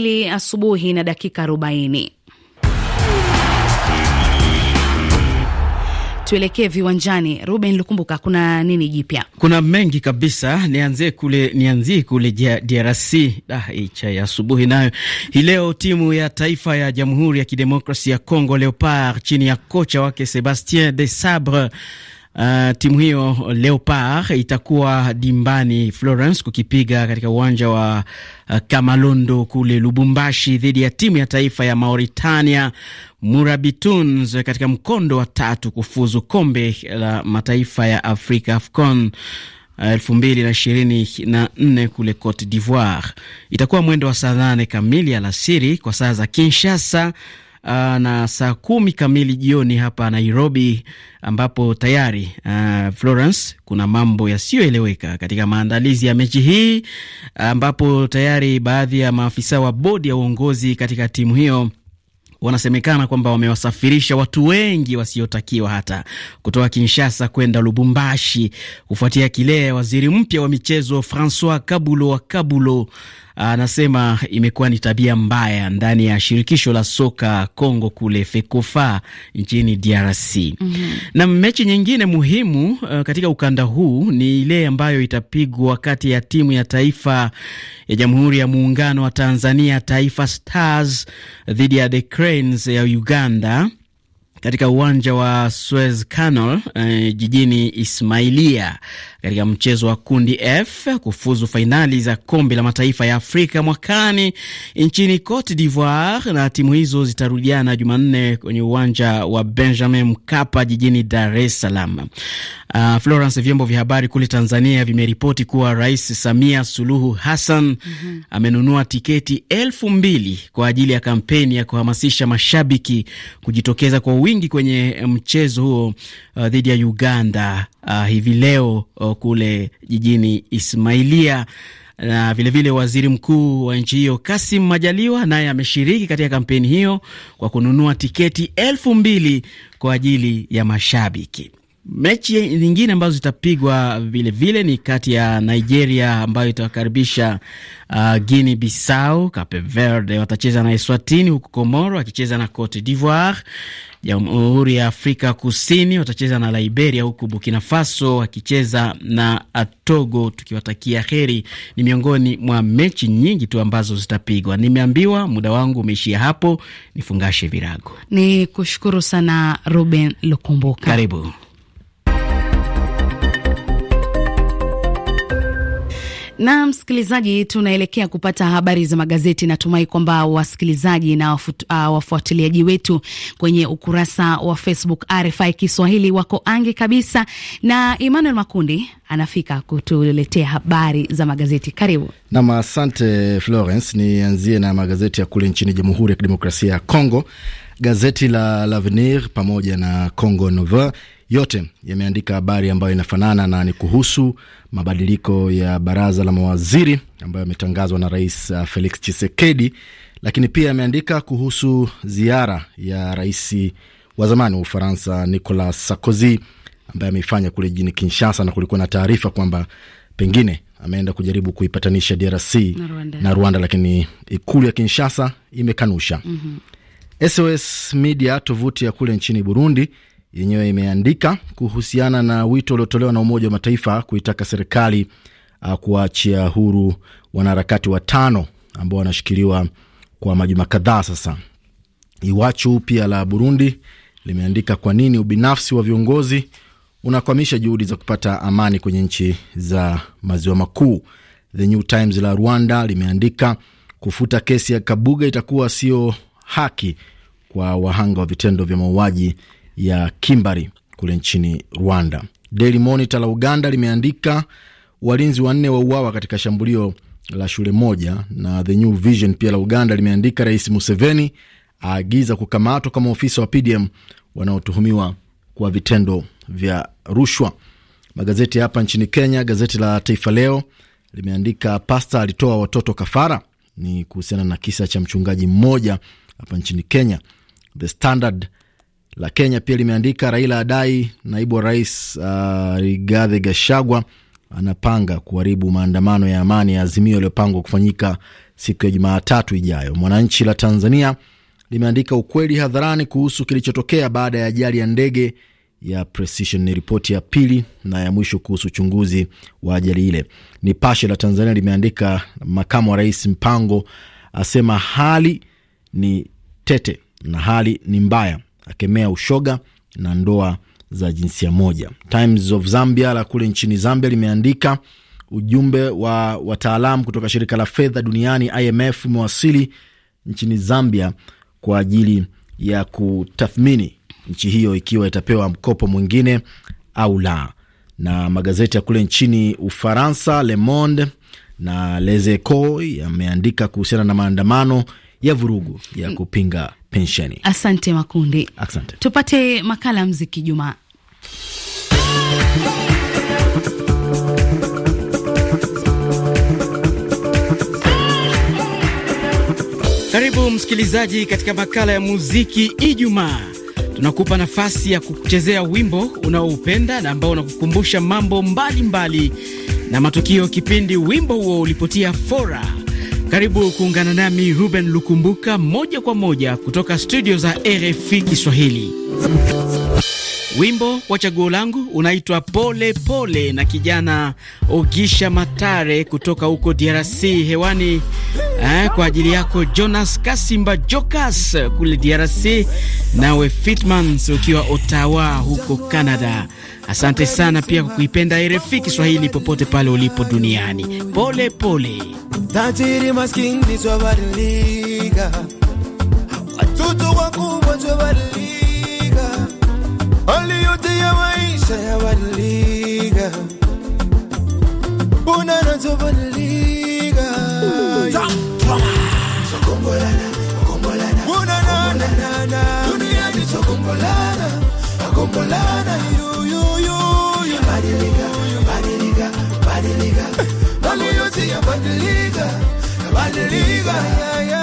Mbili asubuhi na dakika arobaini. Tuelekee viwanjani. Ruben Lukumbuka, kuna nini jipya? Kuna mengi kabisa. Nianzie kule, nianzie kule DRC. Ah, icha ya asubuhi nayo hii leo, timu ya taifa ya Jamhuri ya Kidemokrasi ya Congo Leopard chini ya kocha wake Sebastien de Sabre Uh, timu hiyo Leopard itakuwa dimbani Florence kukipiga katika uwanja wa uh, Kamalondo kule Lubumbashi dhidi ya timu ya taifa ya Mauritania Murabituns katika mkondo wa tatu kufuzu kombe la mataifa ya Afrika AFCON uh, elfu mbili na ishirini na nne kule Cote d'Ivoire. Itakuwa mwendo wa saa nane kamili alasiri kwa saa za Kinshasa uh, na saa kumi kamili jioni hapa Nairobi, ambapo tayari uh, Florence, kuna mambo yasiyoeleweka katika maandalizi ya mechi hii, ambapo tayari baadhi ya maafisa wa bodi ya uongozi katika timu hiyo wanasemekana kwamba wamewasafirisha watu wengi wasiotakiwa hata kutoka Kinshasa kwenda Lubumbashi kufuatia kile waziri mpya wa michezo Francois Kabulo wa Kabulo anasema imekuwa ni tabia mbaya ndani ya shirikisho la soka congo kule FEKOFA nchini DRC. mm -hmm. Na mechi nyingine muhimu uh, katika ukanda huu ni ile ambayo itapigwa kati ya timu ya taifa ya Jamhuri ya Muungano wa Tanzania Taifa Stars dhidi ya The Cranes ya Uganda katika uwanja wa Suez Canal eh, jijini Ismailia katika mchezo wa kundi F kufuzu fainali za kombe la mataifa ya Afrika mwakani nchini Cote d'Ivoire, na timu hizo zitarudiana Jumanne kwenye uwanja wa Benjamin Mkapa jijini Dar es Salaam. Uh, Florence, vyombo vya habari kule Tanzania vimeripoti kuwa Rais Samia Suluhu Hassan mm -hmm. amenunua tiketi elfu mbili kwa ajili ya kampeni ya kuhamasisha mashabiki kujitokeza kwa wingi vingi kwenye mchezo huo uh, dhidi ya Uganda uh, hivi leo uh, kule jijini Ismailia na vilevile vile waziri mkuu wa nchi hiyo Kasim Majaliwa naye ameshiriki katika kampeni hiyo kwa kununua tiketi elfu mbili kwa ajili ya mashabiki. Mechi nyingine ambazo zitapigwa vilevile ni kati ya Nigeria ambayo itawakaribisha uh, Guinea Bissau. Cape Verde watacheza na Eswatini, huku Komoro wakicheza na Cote d'Ivoire. Jamhuri ya Afrika Kusini watacheza na Liberia, huku Burkina Faso wakicheza na uh, Togo. Tukiwatakia heri, ni miongoni mwa mechi nyingi tu ambazo zitapigwa. Nimeambiwa muda wangu umeishia hapo, nifungashe virago. Ni kushukuru sana Ruben Lukumbuka, karibu. Na msikilizaji, tunaelekea kupata habari za magazeti. Natumai kwamba wasikilizaji na uh, wafuatiliaji wetu kwenye ukurasa wa Facebook RFI Kiswahili wako ange kabisa, na Emmanuel Makundi anafika kutuletea habari za magazeti. Karibu nam. Asante Florence. Nianzie na magazeti ya kule nchini Jamhuri ya Kidemokrasia ya congo gazeti la L'Avenir pamoja na Congo Nova yote yameandika habari ambayo inafanana na ni kuhusu mabadiliko ya baraza la mawaziri ambayo yametangazwa na Rais uh, Felix chisekedi lakini pia yameandika kuhusu ziara ya rais wa zamani wa Ufaransa Nicolas Sarkozy ambaye ameifanya kule jijini Kinshasa, na kulikuwa na taarifa kwamba pengine ameenda kujaribu kuipatanisha DRC na Rwanda, na Rwanda lakini ikulu ya Kinshasa imekanusha. mm -hmm. SOS Media, tovuti ya kule nchini Burundi yenyewe imeandika kuhusiana na wito uliotolewa na Umoja wa Mataifa kuitaka serikali uh, kuwaachia huru wanaharakati watano ambao wanashikiliwa kwa majuma kadhaa sasa. Iwachu pia la Burundi limeandika kwa nini ubinafsi wa viongozi unakwamisha juhudi za kupata amani kwenye nchi za maziwa makuu. The New Times la Rwanda limeandika kufuta kesi ya Kabuga itakuwa sio haki kwa wahanga wa vitendo vya mauaji ya Kimbari kule nchini Rwanda. Daily Monitor la Uganda limeandika walinzi wanne wauawa katika shambulio la shule moja, na The New Vision pia la Uganda limeandika Rais Museveni aagiza kukamatwa kama ofisa wa PDM wanaotuhumiwa kwa vitendo vya rushwa. Magazeti hapa nchini Kenya, gazeti la Taifa Leo limeandika pasta alitoa watoto kafara, ni kuhusiana na kisa cha mchungaji mmoja hapa nchini Kenya. The Standard la Kenya pia limeandika Raila adai naibu wa rais uh, Gachagua anapanga kuharibu maandamano ya amani ya Azimio yaliyopangwa kufanyika siku ya Jumatatu ijayo. Mwananchi la Tanzania limeandika ukweli hadharani kuhusu kilichotokea baada ya ajali ya ndege ya Precision. Ni ripoti ya pili na ya mwisho kuhusu uchunguzi wa ajali ile. Nipashe la Tanzania limeandika makamu wa rais Mpango asema hali ni tete na hali ni mbaya akemea ushoga na ndoa za jinsia moja. Times of Zambia la kule nchini Zambia limeandika ujumbe wa wataalam kutoka shirika la fedha duniani IMF umewasili nchini Zambia kwa ajili ya kutathmini nchi hiyo ikiwa itapewa mkopo mwingine au la. Na magazeti ya kule nchini Ufaransa, Le Monde na Les Echos yameandika kuhusiana na maandamano ya vurugu ya kupinga pensheni. Asante Makundi, asante. Tupate makala ya mziki Jumaa. Karibu msikilizaji katika makala ya muziki Ijumaa. Tunakupa nafasi ya kuchezea wimbo unaoupenda na ambao unakukumbusha mambo mbalimbali mbali na matukio kipindi wimbo huo ulipotia fora karibu kuungana nami Ruben Lukumbuka moja kwa moja kutoka studio za RFI Kiswahili. Wimbo wa chaguo langu unaitwa Pole Pole na kijana Ogisha Matare kutoka huko DRC hewani eh, kwa ajili yako Jonas Kasimba Jokas kule DRC, nawe Fitmans ukiwa Ottawa huko Canada. Asante sana pia kwa kuipenda RFI Kiswahili popote pale ulipo duniani. Pole pole, tajiri maskini, twabadilika, watoto wakubwa twabadilika, hali yote ya maisha yabadilika, kumbolana, twabadilika Deliver.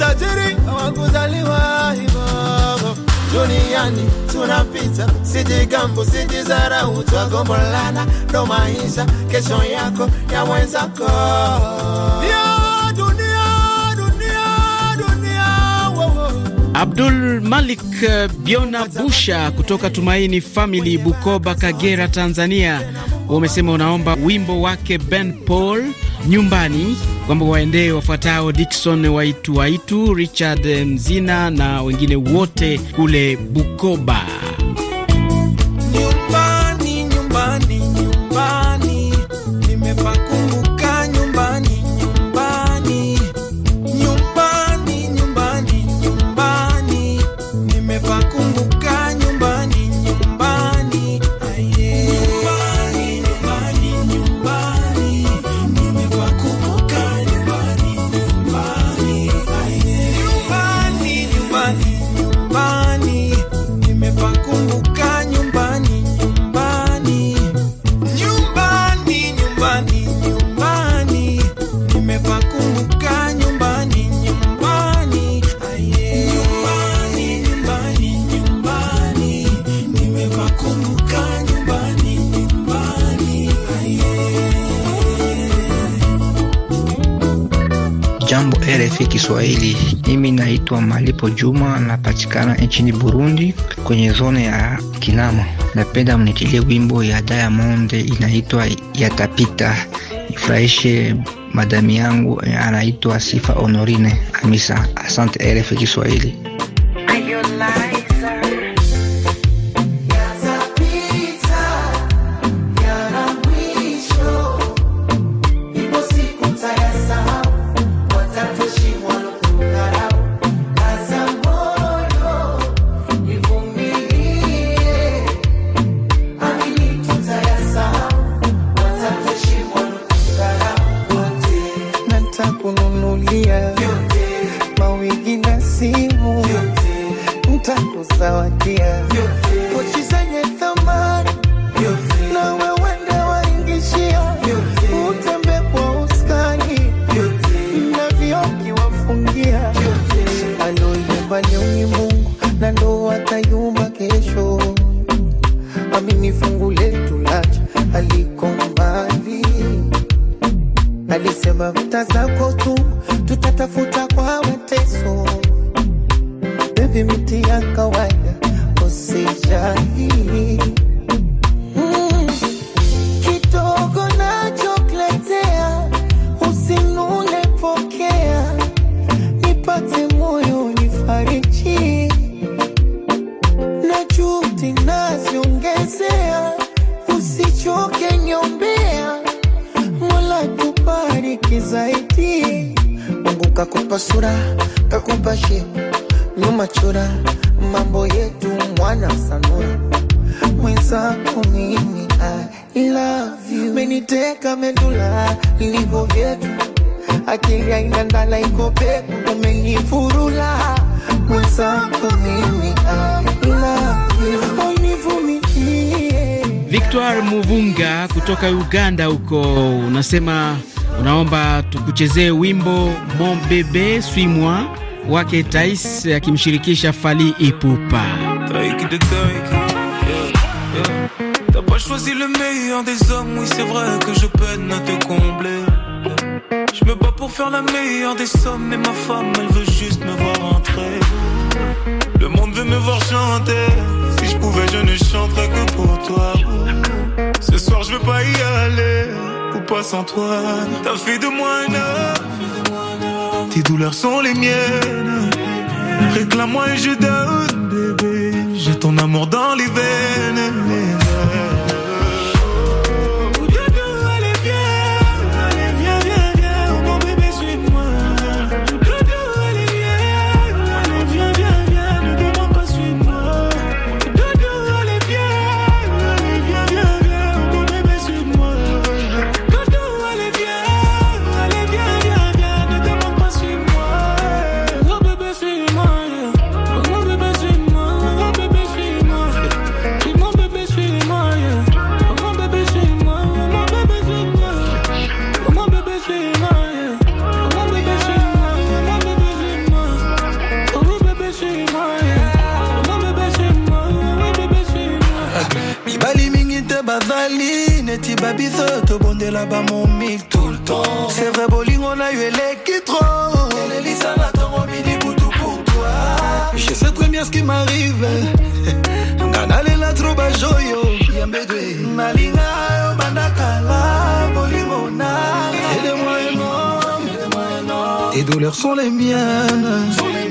matajiri hawakuzaliwa hivyo. Duniani tunapita, siji gambo siji zarau, twagombolana ndo maisha, kesho yako ya mwenzako Abdul Malik uh, Biona Busha kutoka Tumaini Family, Bukoba, Kagera, Tanzania, umesema unaomba wimbo wake Ben Paul nyumbani kwamba waendee wafuatao dikson Waitu Waitu, Richard Mzina na wengine wote kule Bukoba. Kiswahili. Mimi naitwa Malipo Juma, napatikana nchini Burundi kwenye zone ya Kinama. Napenda mnitilie wimbo ya Diamond inaitwa Yatapita, ifurahishe madami yangu anaitwa Sifa Honorine amisa Asante RFI Kiswahili. machura mambo yetu mwana sanura mwenzako mimi I love you, meniteka medula ilivyo vyetu, akili aina ndala iko peku, umenifurula mwenzako mimi I love you, univumilie. Victor Muvunga kutoka Uganda huko unasema unaomba tukuchezee wimbo Mon bebe suis moi wake Tais akimshirikisha et Ipupa. T'as pas choisi le meilleur des hommes, oui c'est vrai que je peine à te combler. Je me bats pour faire la meilleure des sommes, mais ma femme elle veut juste me voir entrer. Le monde veut me voir chanter, si je pouvais je ne chanterais que pour toi. Ce soir je veux pas y aller, ou pas sans toi. T'as fait de moi un homme tes douleurs sont les miennes. Réclame-moi et je donne, bébé. J'ai ton amour dans les veines. Ibiza, te bondé là-bas mon mic tout le temps. C'est vrai, bowling, on a eu électro. Et l'Elisa m'attend au mini boutou pour toi. Je sais très bien ce qui m'arrive. Nganale la troba joyo. Yambedwe. Nalinga yo bandakala, bowling, on a. Aide-moi énorme. Tes douleurs sont les miennes.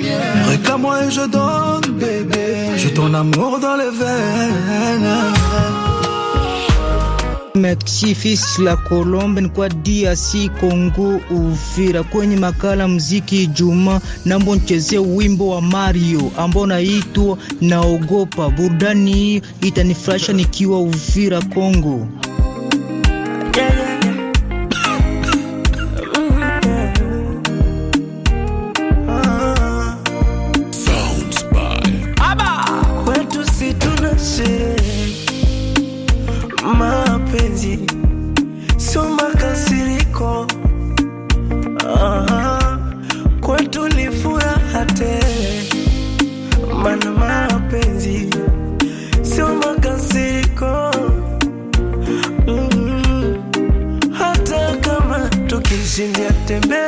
miennes. Réclame-moi et je donne, bébé. Je t'en amour dans les veines. Maxifis la Colombe ni kwa DRC Congo Uvira. Kwenye makala mziki Juma nambo nichezee wimbo wa Mario ambao naitwa naogopa. Burudani hii itanifurahisha nikiwa Uvira Congo. yeah, yeah. mapenzi sio makasiriko. Aha, kwetu ni furaha tele, mana mapenzi sio makasiriko. Mm -hmm. Hata kama tukishindia tembea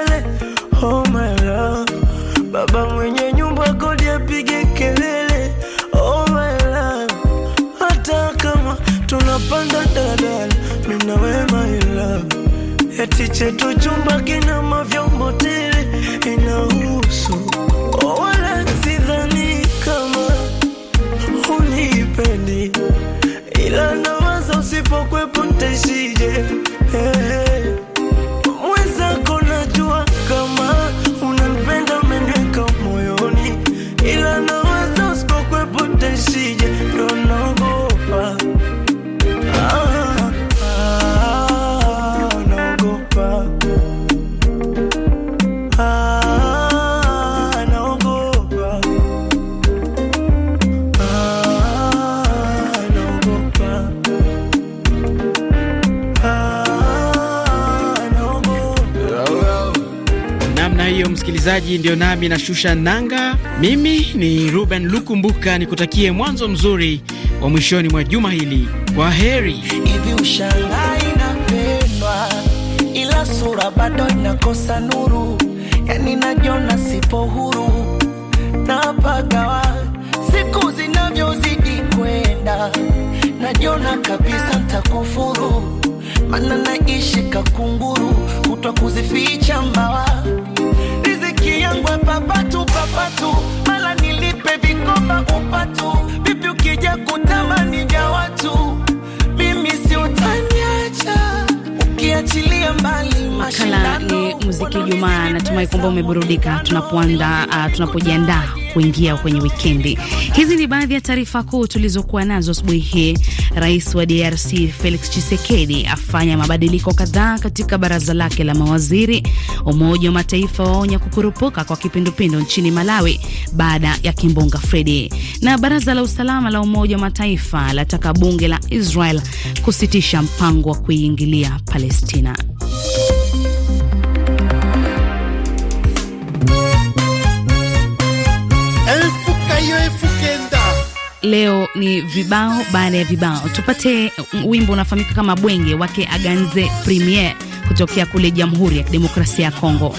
eti chetu chumba kina mavyombo tele inahusu oh, wala sidhani kama unipendi, ila nawaza usipokwepo ntaishije eh. msikilizaji, ndio nami na shusha nanga. Mimi ni Ruben Lukumbuka, nikutakie mwanzo mzuri wa mwishoni mwa juma hili. Kwa heri. Hivi ushanga inapendwa ila sura bado inakosa nuru, yani najona sipo huru napagawa siku zinavyozidi kwenda najona kabisa ntakufuru, mana naishi kakunguru, kutwa kuzificha mbawa Makala ni muziki Jumaa. Natumai kwamba umeburudika tunapoanda, uh, tunapojiandaa kuingia kwenye wikendi. Hizi ni baadhi ya taarifa kuu tulizokuwa nazo asubuhi hii. Rais wa DRC Felix Tshisekedi afanya mabadiliko kadhaa katika baraza lake la mawaziri. Umoja wa Mataifa waonya kukurupuka kwa kipindupindu nchini Malawi baada ya kimbunga fredi na baraza la usalama la Umoja wa Mataifa lataka bunge la Israel kusitisha mpango wa kuiingilia Palestina. leo ni vibao baada ya vibao. Tupate wimbo unafahamika kama Bwenge wake Aganze Premier kutokea kule Jamhuri ya Kidemokrasia ya Kongo.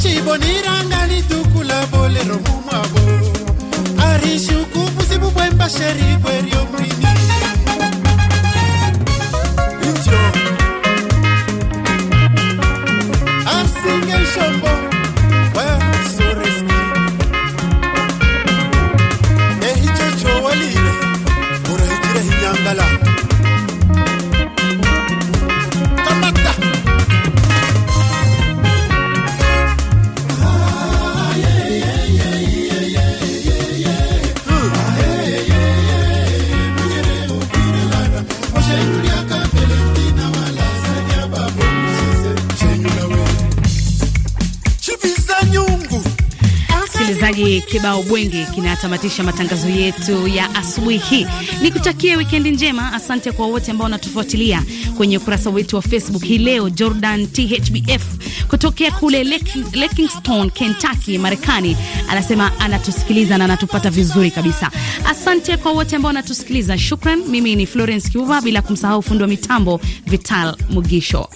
chiboniranga litukula bolero mumwabo arishuku buzibu bwembasheri bweryo mwini kibao bwenge kinatamatisha matangazo yetu ya asubuhi hii. Nikutakie wikendi njema. Asante kwa wote ambao wanatufuatilia kwenye ukurasa wetu wa Facebook hii leo. Jordan THBF kutokea kule Lexington, Kentucky, Marekani anasema anatusikiliza na anatupata vizuri kabisa. Asante kwa wote ambao wanatusikiliza, shukran. Mimi ni Florence Kiuva, bila kumsahau fundi wa mitambo Vital Mugisho.